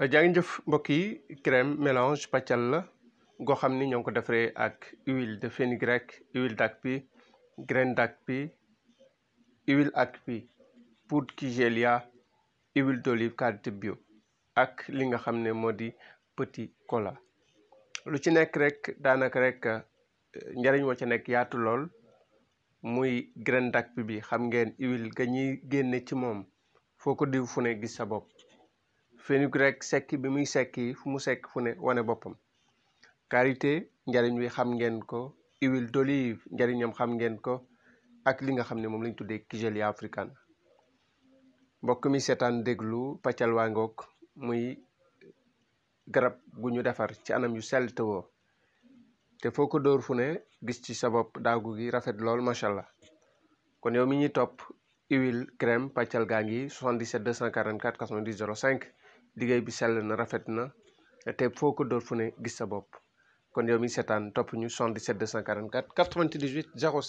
Euh, jaa ngeen jëf mbokk yi crème mélange pàccal la goo xam ni ñoo ngi ko defaree ak huile de fenugrec huile d'ackpi graine d'ackpi huile ackpi poudre kigelia huile d'olive qualité bio ak li nga xam ne moo di pëti cola lu ci nekk rekk daanaka rek euh, njariñ woo ca nekk yaatu lool muy graine d'ackpi bi xam ngeen huile ga ñuy génne ci moom foo ko diw fu ne gis sa bopp fenuc rek sekki bi muy sekki fu mu sekk fu ne wane boppam karité njariñ wi xam ngeen ko huile d'olive njariñam xam ngeen ko ak li nga xam ne moom lañ tuddee kigelia africana mbokk mi seetaan déglu paccal waa ngoog muy garab gu ñu defar ci anam yu sell woo te foo ko dóor fu ne gis ci sa bopp daagu gi rafet lool macha allah kon yow mi ñuy topp huile crème paccal gaa ngi 77 244 98 05 liggéey bi sell na rafet na te foo ko dóor fu ne gis sa bopp kon yow mi seetaan topp ñu 77 244 98 05